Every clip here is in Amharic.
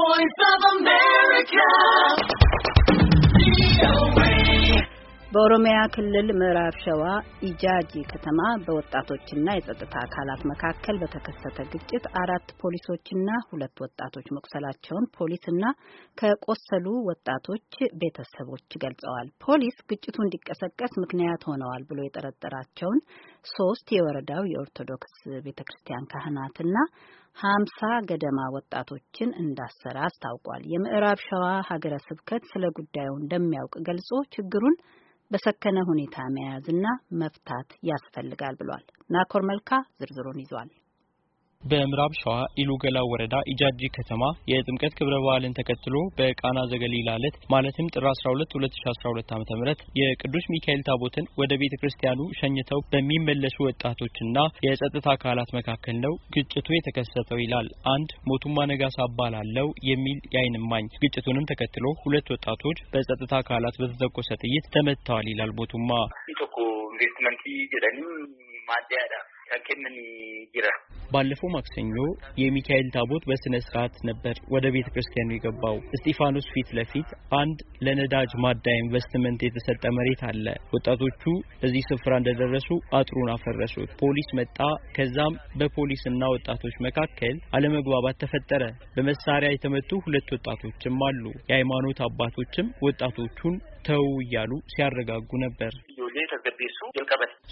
Voice of America. በኦሮሚያ ክልል ምዕራብ ሸዋ ኢጃጂ ከተማ በወጣቶችና የጸጥታ አካላት መካከል በተከሰተ ግጭት አራት ፖሊሶችና ሁለት ወጣቶች መቁሰላቸውን ፖሊስና ከቆሰሉ ወጣቶች ቤተሰቦች ገልጸዋል። ፖሊስ ግጭቱ እንዲቀሰቀስ ምክንያት ሆነዋል ብሎ የጠረጠራቸውን ሶስት የወረዳው የኦርቶዶክስ ቤተ ክርስቲያን ካህናትና ሀምሳ ገደማ ወጣቶችን እንዳሰረ አስታውቋል። የምዕራብ ሸዋ ሀገረ ስብከት ስለ ጉዳዩ እንደሚያውቅ ገልጾ ችግሩን በሰከነ ሁኔታ መያዝና መፍታት ያስፈልጋል ብሏል። ናኮር መልካ ዝርዝሩን ይዟል። በምዕራብ ሸዋ ኢሉገላ ወረዳ ኢጃጂ ከተማ የጥምቀት ክብረ በዓልን ተከትሎ በቃና ዘገሊላ ዕለት ማለትም ጥር 12 2012 ዓ.ም የቅዱስ ሚካኤል ታቦትን ወደ ቤተ ክርስቲያኑ ሸኝተው በሚመለሱ ወጣቶችና የጸጥታ አካላት መካከል ነው ግጭቱ የተከሰተው ይላል አንድ ሞቱማ ነጋሳ አባላለው የሚል የአይንማኝ ግጭቱንም ተከትሎ ሁለት ወጣቶች በጸጥታ አካላት በተተኮሰ ጥይት ተመትተዋል ይላል ሞቱማ። ባለፈው ማክሰኞ የሚካኤል ታቦት በስነ ስርዓት ነበር ወደ ቤተ ክርስቲያኑ የገባው። እስጢፋኖስ ፊት ለፊት አንድ ለነዳጅ ማዳ ኢንቨስትመንት የተሰጠ መሬት አለ። ወጣቶቹ እዚህ ስፍራ እንደደረሱ አጥሩን አፈረሱት። ፖሊስ መጣ። ከዛም በፖሊስና ወጣቶች መካከል አለመግባባት ተፈጠረ። በመሳሪያ የተመቱ ሁለት ወጣቶችም አሉ። የሃይማኖት አባቶችም ወጣቶቹን ተው እያሉ ሲያረጋጉ ነበር።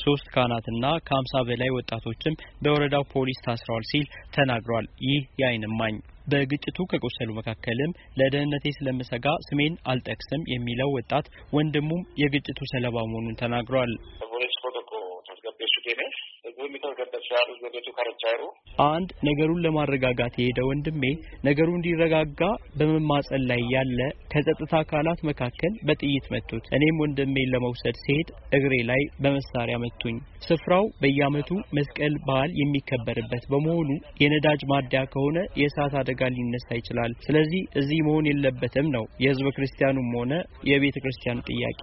ሶስት ካህናትና ከሀምሳ በላይ ወጣቶችም በወረዳው ፖሊስ ታስረዋል ሲል ተናግሯል። ይህ የአይን እማኝ በግጭቱ ከቆሰሉ መካከልም ለደህንነቴ ስለምሰጋ ስሜን አልጠቅስም የሚለው ወጣት ወንድሙም የግጭቱ ሰለባ መሆኑን ተናግሯል። ያሉት ወደ ቱከረቻ አንድ ነገሩን ለማረጋጋት የሄደ ወንድሜ ነገሩ እንዲረጋጋ በመማጸን ላይ ያለ ከጸጥታ አካላት መካከል በጥይት መቱት። እኔም ወንድሜን ለመውሰድ ሲሄድ እግሬ ላይ በመሳሪያ መቱኝ። ስፍራው በየአመቱ መስቀል በዓል የሚከበርበት በመሆኑ የነዳጅ ማደያ ከሆነ የእሳት አደጋ ሊነሳ ይችላል። ስለዚህ እዚህ መሆን የለበትም ነው የህዝበ ክርስቲያኑም ሆነ የቤተ ክርስቲያን ጥያቄ።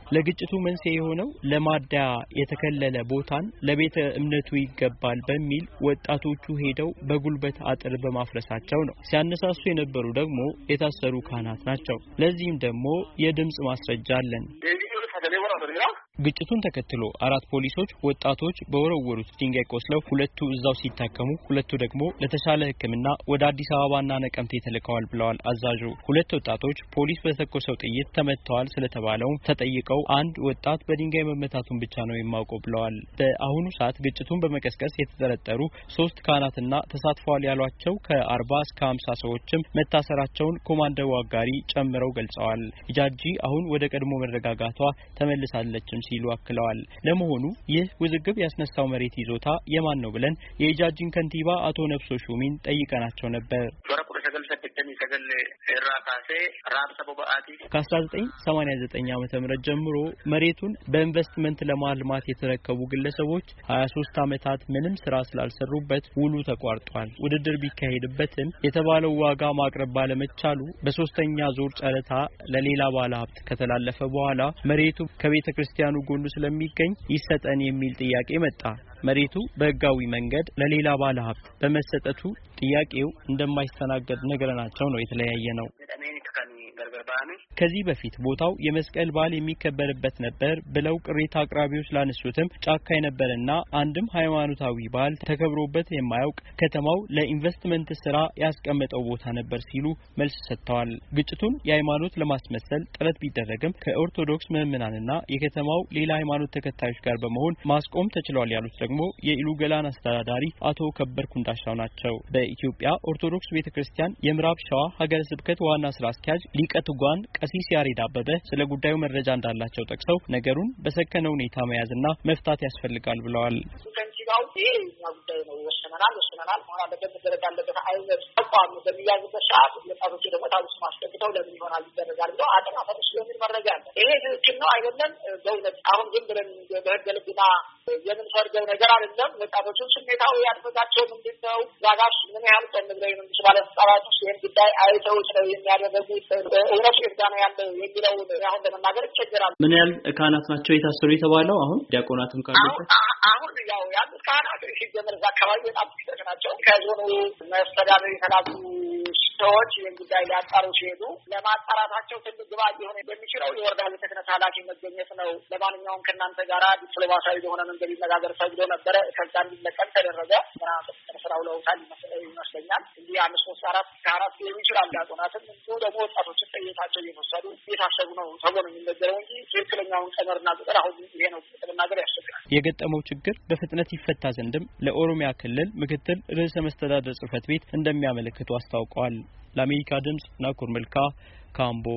ለግጭቱ መንስኤ የሆነው ለማደያ የተከለለ ቦታን ለቤተ እምነቱ ይገባል በሚል ወጣቶቹ ሄደው በጉልበት አጥር በማፍረሳቸው ነው። ሲያነሳሱ የነበሩ ደግሞ የታሰሩ ካህናት ናቸው። ለዚህም ደግሞ የድምፅ ማስረጃ አለን። ግጭቱን ተከትሎ አራት ፖሊሶች ወጣቶች በወረወሩት ድንጋይ ቆስለው ሁለቱ እዛው ሲታከሙ ሁለቱ ደግሞ ለተሻለ ሕክምና ወደ አዲስ አበባና ነቀምቴ ተልከዋል ብለዋል አዛዡ። ሁለት ወጣቶች ፖሊስ በተኮሰው ጥይት ተመትተዋል ስለተባለው ተጠይቀው አንድ ወጣት በድንጋይ መመታቱን ብቻ ነው የማውቀው ብለዋል። በአሁኑ ሰዓት ግጭቱን በመቀስቀስ የተጠረጠሩ ሶስት ካህናትና ተሳትፈዋል ያሏቸው ከአርባ እስከ ሀምሳ ሰዎችም መታሰራቸውን ኮማንደው አጋሪ ጨምረው ገልጸዋል። ጃጂ አሁን ወደ ቀድሞ መረጋጋቷ ተመልሳለችም ሲሉ አክለዋል። ለመሆኑ ይህ ውዝግብ ያስነሳው መሬት ይዞታ የማን ነው ብለን የኢጃጅን ከንቲባ አቶ ነብሶ ሹሚን ጠይቀናቸው ነበር። ሰገል ራ ካሴ ራብሰ ቦበአቲ ከአስራ ዘጠኝ ሰማኒያ ዘጠኝ አመተ ምህረት ጀምሮ መሬቱን በኢንቨስትመንት ለማልማት የተረከቡ ግለሰቦች ሀያ ሶስት ዓመታት ምንም ስራ ስላልሰሩበት ውሉ ተቋርጧል። ውድድር ቢካሄድበትም የተባለው ዋጋ ማቅረብ ባለመቻሉ በሶስተኛ ዙር ጨረታ ለሌላ ባለ ሀብት ከተላለፈ በኋላ መሬቱ ከቤተ ክርስቲያኑ ጎኑ ስለሚገኝ ይሰጠን የሚል ጥያቄ መጣ። መሬቱ በህጋዊ መንገድ ለሌላ ባለሀብት በመሰጠቱ ጥያቄው እንደማይስተናገድ ነግረናቸው ነው የተለያየ ነው። ከዚህ በፊት ቦታው የመስቀል በዓል የሚከበርበት ነበር ብለው ቅሬታ አቅራቢዎች ላነሱትም ጫካ የነበረና አንድም ሃይማኖታዊ በዓል ተከብሮበት የማያውቅ ከተማው ለኢንቨስትመንት ስራ ያስቀመጠው ቦታ ነበር ሲሉ መልስ ሰጥተዋል። ግጭቱን የሃይማኖት ለማስመሰል ጥረት ቢደረግም ከኦርቶዶክስ ምዕመናንና የከተማው ሌላ ሃይማኖት ተከታዮች ጋር በመሆን ማስቆም ተችሏል ያሉት ደግሞ የኢሉገላን አስተዳዳሪ አቶ ከበር ኩንዳሻው ናቸው። በኢትዮጵያ ኦርቶዶክስ ቤተ ክርስቲያን የምዕራብ ሸዋ ሀገረ ስብከት ዋና ስራ አስኪያጅ ሊቀ ልጓን ቀሲስ ያሬድ አበበ ስለ ጉዳዩ መረጃ እንዳላቸው ጠቅሰው ነገሩን በሰከነ ሁኔታ መያዝና መፍታት ያስፈልጋል ብለዋል። ሁኔታው ይህ ጉዳይ ነው፣ ወሰነናል ወሰነናል መሆን አለበት መደረግ አለበት አይነት ተቋም በሚያዝበት ሰዓት ወጣቶቹ ደግሞ ታብስ ማስጠግተው ለምን ይሆናል ይደረጋል ብለው አጠና ፈጥሽ ስለሚል መረጃ አለ። ይሄ ትክክል ነው አይደለም፣ በእውነት አሁን ግን ብለን በህገ ልቡና የምንፈርገው ነገር አይደለም። ወጣቶቹን ስሜታዊ ያድፈታቸው ምንድን ነው ዛጋሽ ምን ያህል ቀን ብለው የመንግስት ባለስልጣናት ውስጥ ይህን ጉዳይ አይተውት ነው የሚያደረጉት እውነቱ እርዳ ነው ያለው የሚለውን አሁን ለመናገር ይቸገራል። ምን ያህል ካህናት ናቸው የታሰሩ የተባለው አሁን ዲያቆናትም ካሉ አሁን ያው ያሉት ካህናት ሲጀመር እዛ አካባቢ በጣም ጥቂቶች ናቸው። ከዞኑ መስተዳደር የተላኩ ሰዎች ይህን ጉዳይ ሊያጣሩ ሲሄዱ ለማጣራታቸው ትልቅ ግብዓት ሊሆን በሚችለው የወረዳ ቤተ ክህነት ኃላፊ መገኘት ነው። ለማንኛውም ከእናንተ ጋር ዲፕሎማሲያዊ የሆነ መንገድ ይነጋገር ተብሎ ነበረ። ከዛ እንዲለቀም ተደረገ። ምናምን ስራ ውለውታል ይመስለኛል። እንዲህ አምስት ሶስት አራት ከአራት ሊሆኑ ይችላል። ዲያቆናትም እንዲሁ ደግሞ ወጣቶችን ጠየታቸው እየወሰዱ እየታሰቡ ነው ተብሎ ነው የሚነገረው እንጂ ትክክለኛውን ቀመርና ቁጥር አሁን ይሄ ነው የገጠመው ችግር በፍጥነት ይፈታ ዘንድም ለኦሮሚያ ክልል ምክትል ርዕሰ መስተዳደር ጽህፈት ቤት እንደሚያመለክቱ አስታውቀዋል። ለአሜሪካ ድምጽ ናኩር መልካ ካምቦ